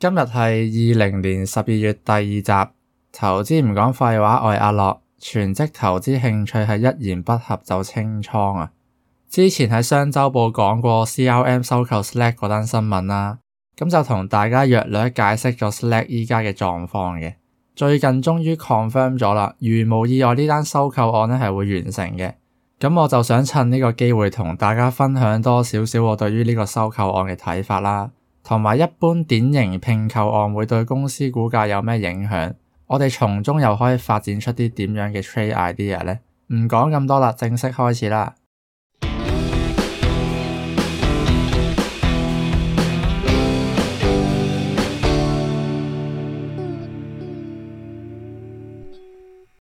今日係二零年十二月第二集，投資唔講廢話，我係阿樂，全職投資興趣係一言不合就清倉啊！之前喺商周報講過 CRM 收購 Slack 嗰單新聞啦，咁就同大家略略解釋咗 Slack 依家嘅狀況嘅。最近終於 confirm 咗啦，如無意外呢單收購案咧係會完成嘅。咁我就想趁呢個機會同大家分享多少少我對於呢個收購案嘅睇法啦。同埋一般典型併購案會對公司股價有咩影響？我哋從中又可以發展出啲點樣嘅 trade idea 呢？唔講咁多啦，正式開始啦。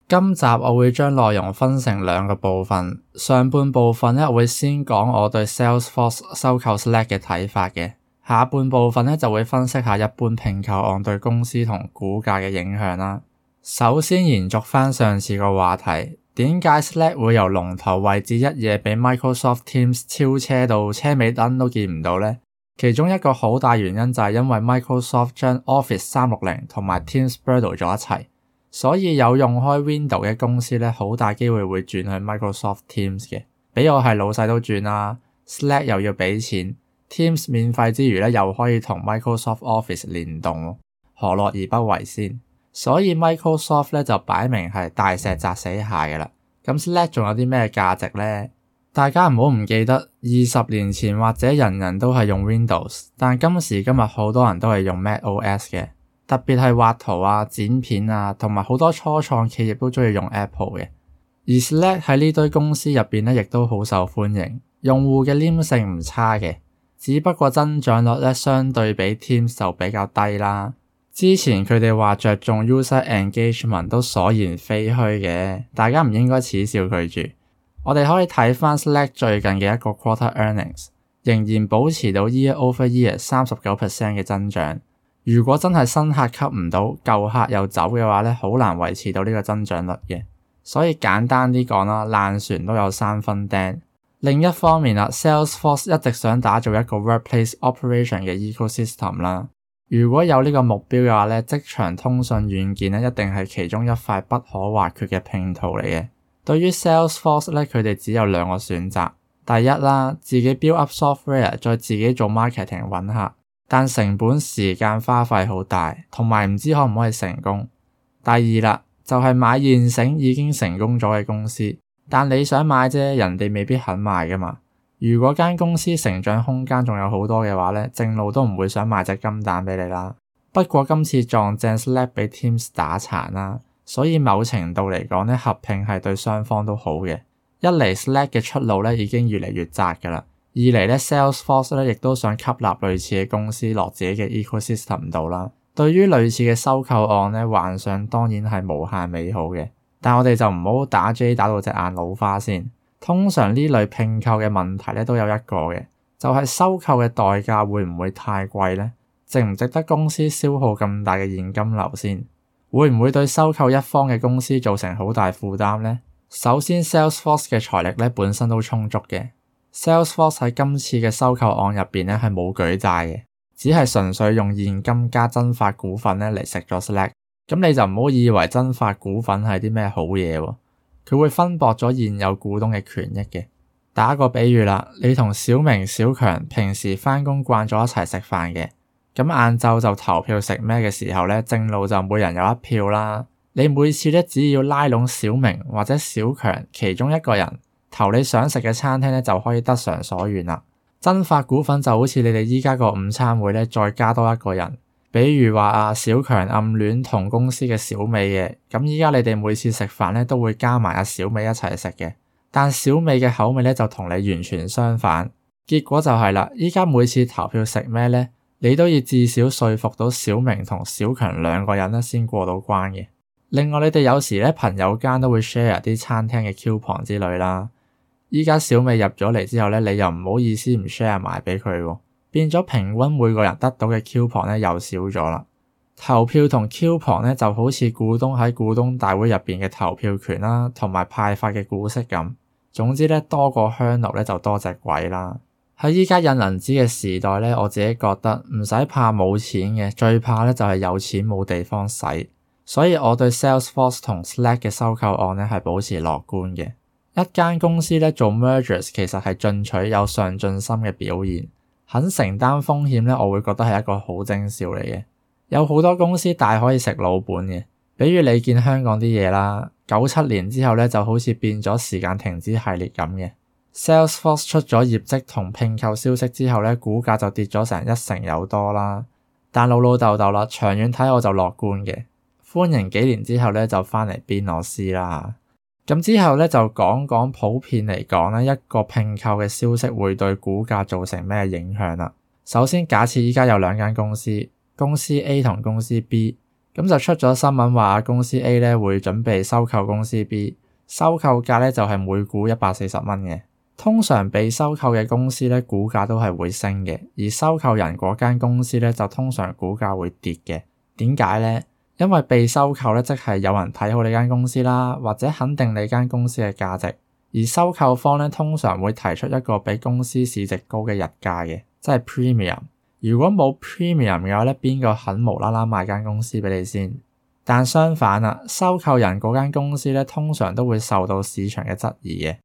今集我會將內容分成兩個部分，上半部分咧我會先講我對 Salesforce 收購 Slack 嘅睇法嘅。下半部分咧就會分析下一般併購案對公司同股價嘅影響啦。首先延續翻上，上次個話題，點解 Slack 會由龍頭位置一夜俾 Microsoft Teams 超車到車尾燈都見唔到呢？其中一個好大原因就係因為 Microsoft 將 Office 三六零同埋 Teams bundle 咗一齊，所以有用開 Window 嘅公司咧，好大機會會轉去 Microsoft Teams 嘅。俾我係老細都轉啦，啊，Slack 又要俾錢。Teams 免費之餘咧，又可以同 Microsoft Office 連動、哦，何樂而不為先？所以 Microsoft 咧就擺明係大石砸死蟹㗎喇。咁 Slack 仲有啲咩價值呢？大家唔好唔記得，二十年前或者人人都係用 Windows，但今時今日好多人都係用 Mac OS 嘅，特別係畫圖啊、剪片啊，同埋好多初創企業都中意用 Apple 嘅。而 Slack 喺呢堆公司入邊咧，亦都好受歡迎，用戶嘅黏性唔差嘅。只不過增長率咧相對比 Teams 就比較低啦。之前佢哋話着重 user engagement 都所言非虛嘅，大家唔應該恥笑佢住。我哋可以睇翻 Slack 最近嘅一個 quarter earnings，仍然保持到 year over year 三十九 percent 嘅增長。如果真係新客吸唔到，舊客又走嘅話咧，好難維持到呢個增長率嘅。所以簡單啲講啦，爛船都有三分釘。另一方面啦，Salesforce 一直想打造一個 workplace operation 嘅 ecosystem 啦。如果有呢個目標嘅話咧，職場通訊軟件咧一定係其中一塊不可或缺嘅拼圖嚟嘅。對於 Salesforce 咧，佢哋只有兩個選擇：第一啦，自己 build up software 再自己做 marketing 揾客，但成本、時間花費好大，同埋唔知可唔可以成功。第二啦，就係買現成已經成功咗嘅公司。但你想買啫，人哋未必肯賣噶嘛。如果間公司成長空間仲有好多嘅話呢，正路都唔會想賣隻金蛋畀你啦。不過今次撞正 Slack 畀 Teams 打殘啦，所以某程度嚟講呢，合併係對雙方都好嘅。一嚟 Slack 嘅出路呢已經越嚟越窄噶啦，二嚟呢 Salesforce 呢亦都想吸納類似嘅公司落自己嘅 ecosystem 度啦。對於類似嘅收購案呢，幻想當然係無限美好嘅。但我哋就唔好打 J 打到隻眼老花先。通常呢類併購嘅問題咧，都有一個嘅，就係收購嘅代價會唔會太貴呢？值唔值得公司消耗咁大嘅現金流先？會唔會對收購一方嘅公司造成好大負擔呢？首先，Salesforce 嘅財力咧本身都充足嘅。Salesforce 喺今次嘅收購案入邊咧係冇舉債嘅，只係純粹用現金加增發股份咧嚟食咗 Slack。咁你就唔好以為增發股份係啲咩好嘢啊，佢會分薄咗現有股東嘅權益嘅。打個比喻啦，你同小明、小強平時返工慣咗一齊食飯嘅，咁晏晝就投票食咩嘅時候咧，正路就每人有一票啦。你每次咧只要拉攏小明或者小強其中一個人投你想食嘅餐廳咧，就可以得償所願啦。增發股份就好似你哋而家個午餐會咧，再加多一個人。比如話啊，小強暗戀同公司嘅小美嘅，咁依家你哋每次食飯咧，都會加埋阿小美一齊食嘅。但小美嘅口味咧，就同你完全相反。結果就係啦，依家每次投票食咩咧，你都要至少說服到小明同小強兩個人咧，先過到關嘅。另外，你哋有時咧朋友間都會 share 啲餐廳嘅 coupon 之類啦。依家小美入咗嚟之後咧，你又唔好意思唔 share 埋俾佢喎。變咗平均每個人得到嘅 coupon 咧又少咗啦。投票同 coupon 咧就好似股東喺股東大會入邊嘅投票權啦，同埋派發嘅股息咁。總之咧，多個香爐咧就多隻鬼啦。喺依家印銀紙嘅時代咧，我自己覺得唔使怕冇錢嘅，最怕咧就係有錢冇地方使。所以我對 Salesforce 同 Slack 嘅收購案咧係保持樂觀嘅。一間公司咧做 mergers 其實係進取有上進心嘅表現。肯承擔風險咧，我會覺得係一個好徵兆嚟嘅。有好多公司大可以食老本嘅，比如你見香港啲嘢啦。九七年之後咧，就好似變咗時間停止系列咁嘅。Salesforce 出咗業績同併購消息之後咧，股價就跌咗成一成有多啦。但老老豆豆啦，長遠睇我就樂觀嘅，歡迎幾年之後咧就返嚟鞭我屍啦。咁之後咧就講講普遍嚟講咧，一個併購嘅消息會對股價造成咩影響啦？首先假設依家有兩間公司，公司 A 同公司 B，咁就出咗新聞話公司 A 咧會準備收購公司 B，收購價咧就係每股一百四十蚊嘅。通常被收購嘅公司咧，股價都係會升嘅，而收購人嗰間公司咧就通常股價會跌嘅。點解咧？因為被收購咧，即係有人睇好你間公司啦，或者肯定你間公司嘅價值。而收購方咧，通常會提出一個比公司市值高嘅日價嘅，即係 premium。如果冇 premium 嘅話咧，邊個肯無啦啦賣間公司畀你先？但相反啦，收購人嗰間公司咧，通常都會受到市場嘅質疑嘅，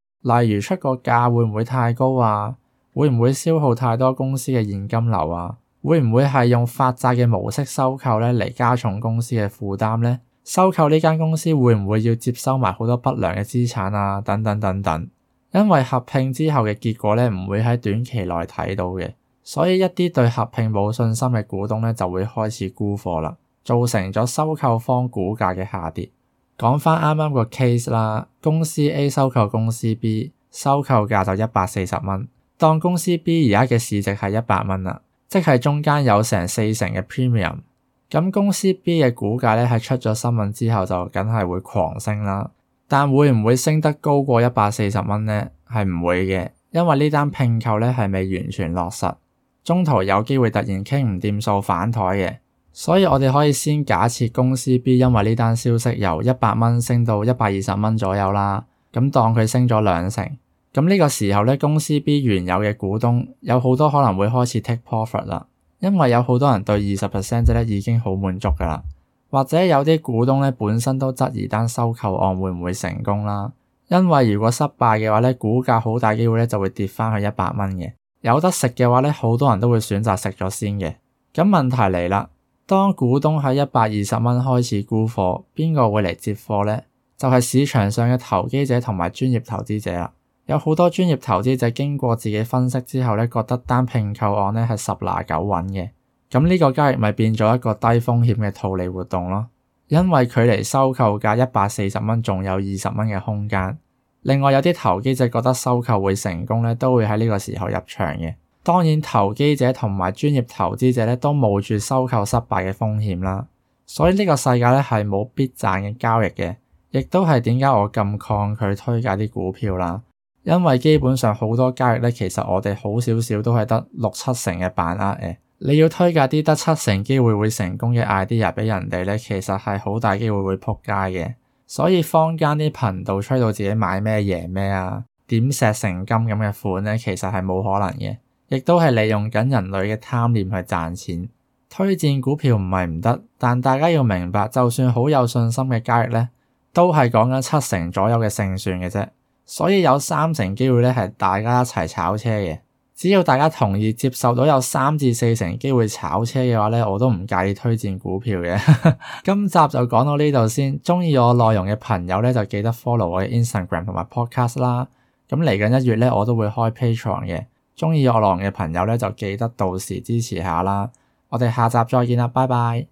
例如出個價會唔會太高啊？會唔會消耗太多公司嘅現金流啊？會唔會係用發債嘅模式收購咧，嚟加重公司嘅負擔呢？收購呢間公司會唔會要接收埋好多不良嘅資產啊？等等等等，因為合併之後嘅結果咧，唔會喺短期內睇到嘅，所以一啲對合併冇信心嘅股東咧，就會開始沽貨啦，造成咗收購方股價嘅下跌。講翻啱啱個 case 啦，公司 A 收購公司 B，收購價就一百四十蚊。當公司 B 而家嘅市值係一百蚊啦。即係中間有成四成嘅 premium，咁公司 B 嘅股價咧，喺出咗新聞之後就梗係會狂升啦，但會唔會升得高過一百四十蚊咧？係唔會嘅，因為呢單併購咧係未完全落實，中途有機會突然傾唔掂數反台嘅，所以我哋可以先假設公司 B 因為呢單消息由一百蚊升到一百二十蚊左右啦，咁當佢升咗兩成。咁呢個時候咧，公司 B 原有嘅股東有好多可能會開始 take profit 啦，因為有好多人對二十 percent 即咧已經好滿足噶啦，或者有啲股東咧本身都質疑單收購案會唔會成功啦，因為如果失敗嘅話咧，股價好大機會咧就會跌翻去一百蚊嘅。有得食嘅話咧，好多人都會選擇食咗先嘅。咁問題嚟啦，當股東喺一百二十蚊開始沽貨，邊個會嚟接貨咧？就係、是、市場上嘅投機者同埋專業投資者啦。有好多專業投資者經過自己分析之後咧，覺得單併購案咧係十拿九穩嘅。咁呢個交易咪變咗一個低風險嘅套利活動咯。因為距離收購價一百四十蚊仲有二十蚊嘅空間。另外有啲投機者覺得收購會成功咧，都會喺呢個時候入場嘅。當然投機者同埋專業投資者咧都冒住收購失敗嘅風險啦。所以呢個世界咧係冇必賺嘅交易嘅，亦都係點解我咁抗拒推介啲股票啦。因為基本上好多交易咧，其實我哋好少少都係得六七成嘅把握嘅。你要推介啲得七成機會會成功嘅 idea 俾人哋咧，其實係好大機會會撲街嘅。所以坊間啲頻道吹到自己買咩贏咩啊，點石成金咁嘅款咧，其實係冇可能嘅，亦都係利用緊人類嘅貪念去賺錢。推薦股票唔係唔得，但大家要明白，就算好有信心嘅交易咧，都係講緊七成左右嘅勝算嘅啫。所以有三成機會咧，係大家一齊炒車嘅。只要大家同意接受到有三至四成機會炒車嘅話咧，我都唔介意推薦股票嘅。 今集就講到呢度先。中意我內容嘅朋友咧，就記得 follow 我嘅 Instagram 同埋 Podcast 啦。咁嚟緊一月咧，我都會開 Patreon 嘅。中意我內容嘅朋友咧，就記得到時支持下啦。我哋下集再見啦，拜拜。